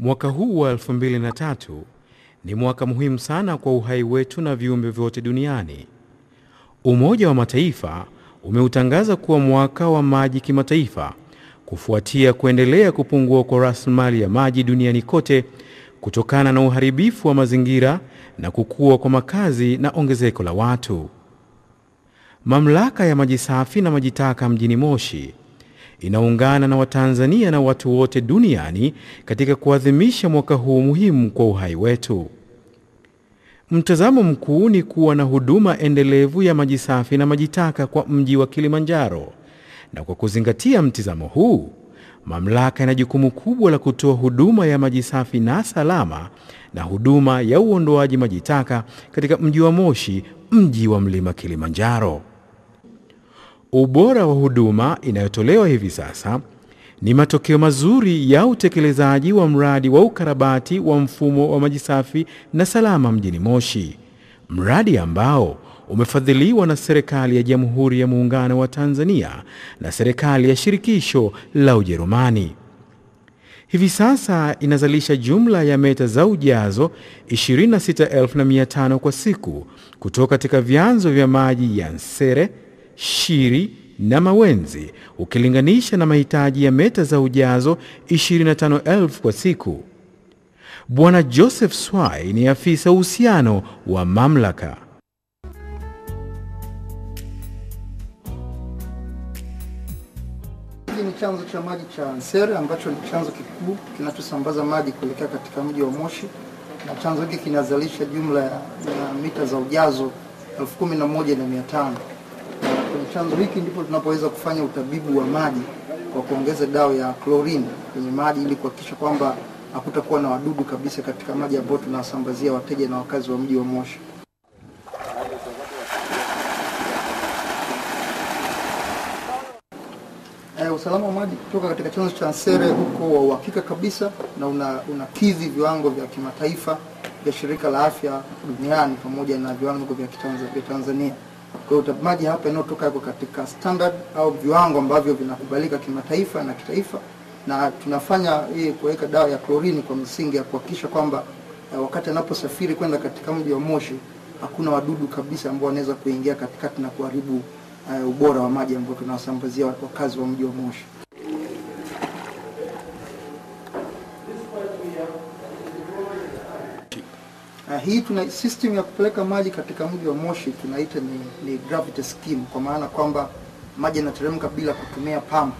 Mwaka huu wa 2003 ni mwaka muhimu sana kwa uhai wetu na viumbe vyote duniani. Umoja wa Mataifa umeutangaza kuwa mwaka wa maji kimataifa kufuatia kuendelea kupungua kwa rasilimali ya maji duniani kote kutokana na uharibifu wa mazingira na kukua kwa makazi na ongezeko la watu. Mamlaka ya maji safi na maji taka mjini Moshi inaungana na Watanzania na watu wote duniani katika kuadhimisha mwaka huu muhimu kwa uhai wetu. Mtazamo mkuu ni kuwa na huduma endelevu ya maji safi na maji taka kwa mji wa Kilimanjaro, na kwa kuzingatia mtizamo huu, mamlaka ina jukumu kubwa la kutoa huduma ya maji safi na salama na huduma ya uondoaji maji taka katika mji wa Moshi, mji wa mlima Kilimanjaro. Ubora wa huduma inayotolewa hivi sasa ni matokeo mazuri ya utekelezaji wa mradi wa ukarabati wa mfumo wa maji safi na salama mjini Moshi, mradi ambao umefadhiliwa na serikali ya Jamhuri ya Muungano wa Tanzania na serikali ya shirikisho la Ujerumani. Hivi sasa inazalisha jumla ya meta za ujazo 26,500 kwa siku kutoka katika vyanzo vya maji ya Nsere shiri na mawenzi ukilinganisha na mahitaji ya meta za ujazo 25,000 kwa siku. Bwana Joseph Swai ni afisa uhusiano wa mamlaka. ni chanzo cha maji cha Nsere ambacho ni chanzo kikubwa kinachosambaza maji kuelekea katika mji wa Moshi, na chanzo hiki kinazalisha jumla ya, mita za ujazo 11,500 chanzo hiki ndipo tunapoweza kufanya utabibu wa maji kwa kuongeza dawa ya chlorine kwenye maji ili kuhakikisha kwamba hakutakuwa na wadudu kabisa katika maji ambayo tunawasambazia wateja na wakazi wa mji wa Moshi. Eh, usalama wa maji kutoka katika chanzo cha Nsere huko wa uhakika kabisa na unakidhi una viwango vya kimataifa vya shirika la afya duniani pamoja na viwango vya Tanzania. Kwa hiyo utapimaji hapa inayotoka yako katika standard au viwango ambavyo vinakubalika kimataifa na kitaifa, na tunafanya hii kuweka dawa ya klorini kwa msingi ya kuhakikisha kwamba eh, wakati anaposafiri kwenda katika mji wa Moshi hakuna wadudu kabisa ambao wanaweza kuingia katikati na kuharibu uh, ubora wa maji ambao tunawasambazia wakazi wa mji wa Moshi. hii tuna system ya kupeleka maji katika mji wa Moshi tunaita ni, ni gravity scheme, kwa maana kwamba maji yanateremka bila kutumia pump.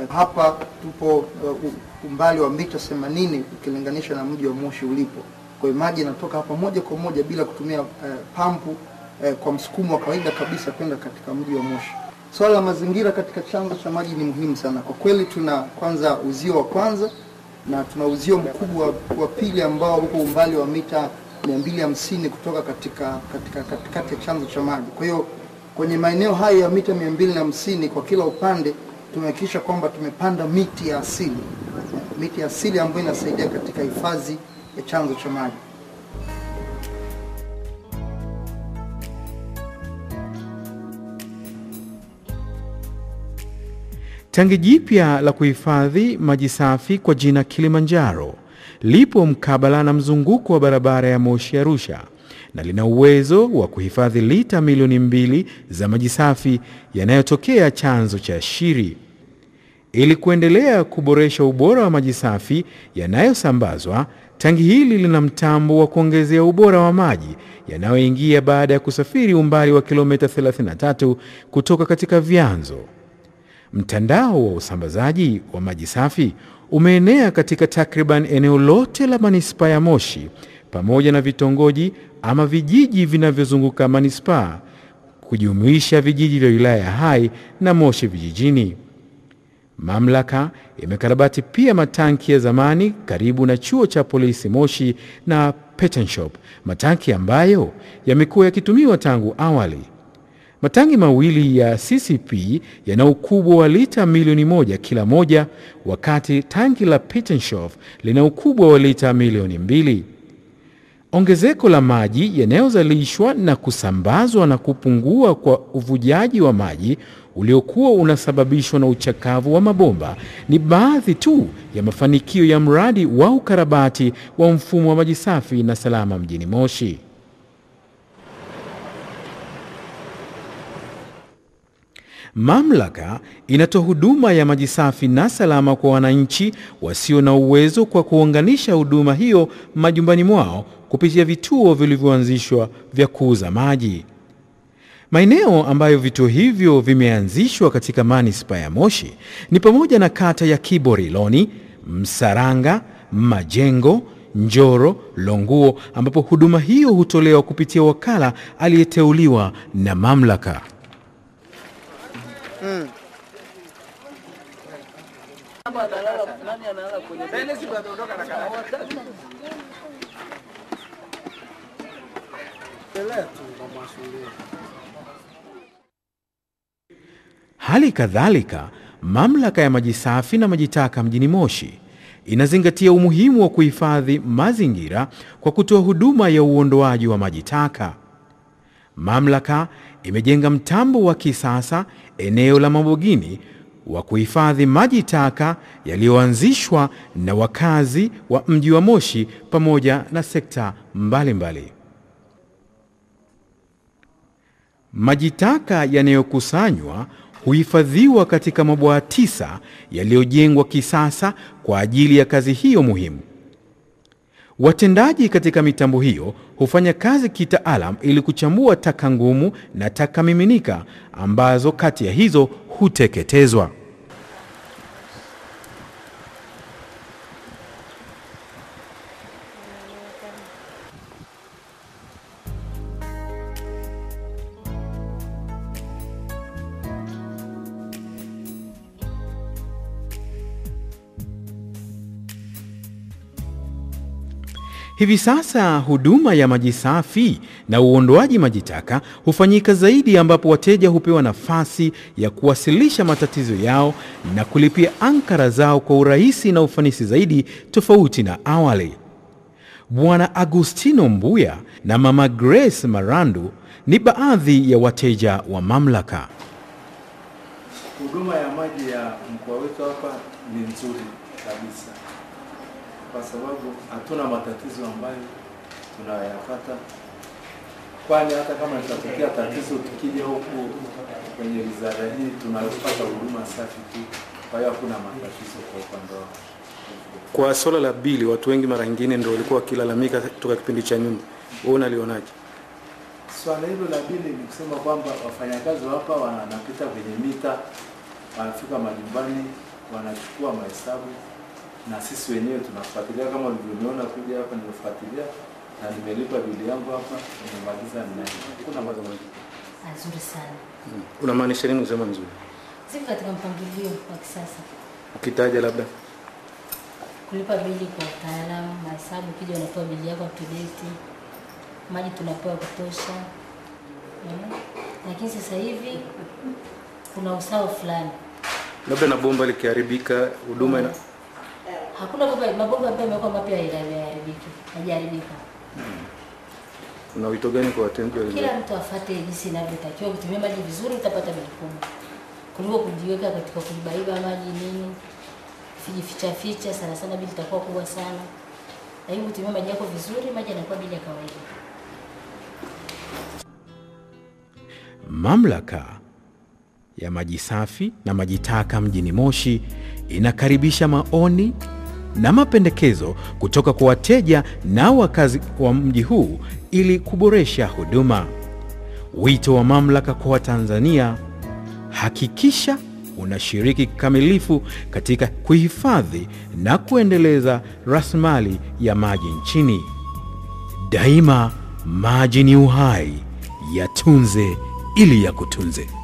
Eh, hapa tupo eh, umbali wa mita 80 ukilinganisha na mji wa Moshi ulipo. Kwa hiyo maji yanatoka hapa moja kwa moja bila kutumia uh, eh, pampu uh, kwa msukumo wa kawaida kabisa kwenda katika mji wa Moshi. Swala la mazingira katika chanzo cha maji ni muhimu sana kwa kweli. Tuna kwanza uzio wa kwanza na tuna uzio mkubwa wa pili ambao huko umbali wa mita 250 kutoka katika katika katikati ya chanzo cha maji. Kwa hiyo kwenye maeneo hayo ya mita 250 kwa kila upande tumehakikisha kwamba tumepanda miti ya asili, miti ya asili ambayo inasaidia katika hifadhi ya chanzo cha maji. Tangi jipya la kuhifadhi maji safi kwa jina Kilimanjaro lipo mkabala na mzunguko wa barabara ya moshi Arusha na lina uwezo wa kuhifadhi lita milioni mbili za maji safi yanayotokea chanzo cha Shiri. Ili kuendelea kuboresha ubora wa maji safi yanayosambazwa, tangi hili lina mtambo wa kuongezea ubora wa maji yanayoingia baada ya kusafiri umbali wa kilomita 33 kutoka katika vyanzo. Mtandao wa usambazaji wa maji safi umeenea katika takriban eneo lote la manispaa ya Moshi pamoja na vitongoji ama vijiji vinavyozunguka manispaa kujumuisha vijiji vya wilaya ya Hai na Moshi vijijini. Mamlaka imekarabati pia matanki ya zamani karibu na chuo cha polisi Moshi na Petenshop, matanki ambayo yamekuwa yakitumiwa tangu awali. Matangi mawili ya CCP yana ukubwa wa lita milioni moja kila moja, wakati tangi la Pittenshof lina ukubwa wa lita milioni mbili. Ongezeko la maji yanayozalishwa na kusambazwa na kupungua kwa uvujaji wa maji uliokuwa unasababishwa na uchakavu wa mabomba ni baadhi tu ya mafanikio ya mradi wa ukarabati wa mfumo wa maji safi na salama mjini Moshi. Mamlaka inatoa huduma ya maji safi na salama kwa wananchi wasio na uwezo kwa kuunganisha huduma hiyo majumbani mwao kupitia vituo vilivyoanzishwa vya kuuza maji. Maeneo ambayo vituo hivyo vimeanzishwa katika manispaa ya Moshi ni pamoja na kata ya Kiboriloni, Msaranga, Majengo, Njoro, Longuo ambapo huduma hiyo hutolewa kupitia wakala aliyeteuliwa na mamlaka. Hali kadhalika, mamlaka ya maji safi na maji taka mjini Moshi inazingatia umuhimu wa kuhifadhi mazingira kwa kutoa huduma ya uondoaji wa maji taka. Mamlaka imejenga mtambo wa kisasa eneo la Mabogini wa kuhifadhi maji taka yaliyoanzishwa na wakazi wa mji wa Moshi pamoja na sekta mbalimbali mbali. Maji taka yanayokusanywa huhifadhiwa katika mabwawa tisa yaliyojengwa kisasa kwa ajili ya kazi hiyo muhimu. Watendaji katika mitambo hiyo hufanya kazi kitaalam ili kuchambua taka ngumu na taka miminika ambazo kati ya hizo huteketezwa. Hivi sasa huduma ya maji safi na uondoaji maji taka hufanyika zaidi, ambapo wateja hupewa nafasi ya kuwasilisha matatizo yao na kulipia ankara zao kwa urahisi na ufanisi zaidi tofauti na awali. Bwana Agustino Mbuya na Mama Grace Marandu ni baadhi ya wateja wa mamlaka. Huduma ya maji ya mkoa wetu hapa ni nzuri kabisa kwa sababu hatuna matatizo ambayo tunayapata, kwani hata kama litatokea tatizo tukija huku kwenye wizara hii tunapata huduma safi tu. Kwa hiyo hakuna matatizo kwa upande wao. Kwa swala la bili, watu wengi mara nyingine ndio walikuwa wakilalamika toka kipindi cha nyuma, wewe unalionaje? Swala hilo la bili ni kusema kwamba wafanyakazi hapa wanapita kwenye mita, wanafika majumbani, wanachukua mahesabu na sisi wenyewe tunafuatilia, kama ulivyoniona kuja hapa, nimefuatilia na nimelipa bili yangu hapa, nimemaliza. Kuna mambo mazuri sana. Hmm. Unamaanisha nini usema nzuri? Sisi katika mpangilio wa kisasa, ukitaja labda kulipa bili kwa utaalamu, mahesabu, kija unapewa bili yako up to date, maji tunapewa kutosha, hmm. Lakini sasa hivi kuna usawa fulani, labda na bomba likiharibika huduma hmm hakuna kwamba mabomba ambayo yamekuwa mapya yameharibika, hajaharibika. Hmm. Una wito gani kwa watendaji wa Kila mtu afuate jinsi inavyotakiwa kutumia maji vizuri, utapata bei kubwa kuliko kujiweka katika kulibaiba maji nini kujificha ficha, sana sana bili itakuwa kubwa sana. Na Lakini kutumia maji yako vizuri, maji yanakuwa bili ya kawaida. Mamlaka ya maji safi na maji taka mjini Moshi inakaribisha maoni na mapendekezo kutoka kwa wateja na wakazi wa mji huu ili kuboresha huduma. Wito wa mamlaka kwa Watanzania, hakikisha unashiriki kikamilifu katika kuhifadhi na kuendeleza rasilimali ya maji nchini. Daima maji ni uhai, yatunze ili yakutunze.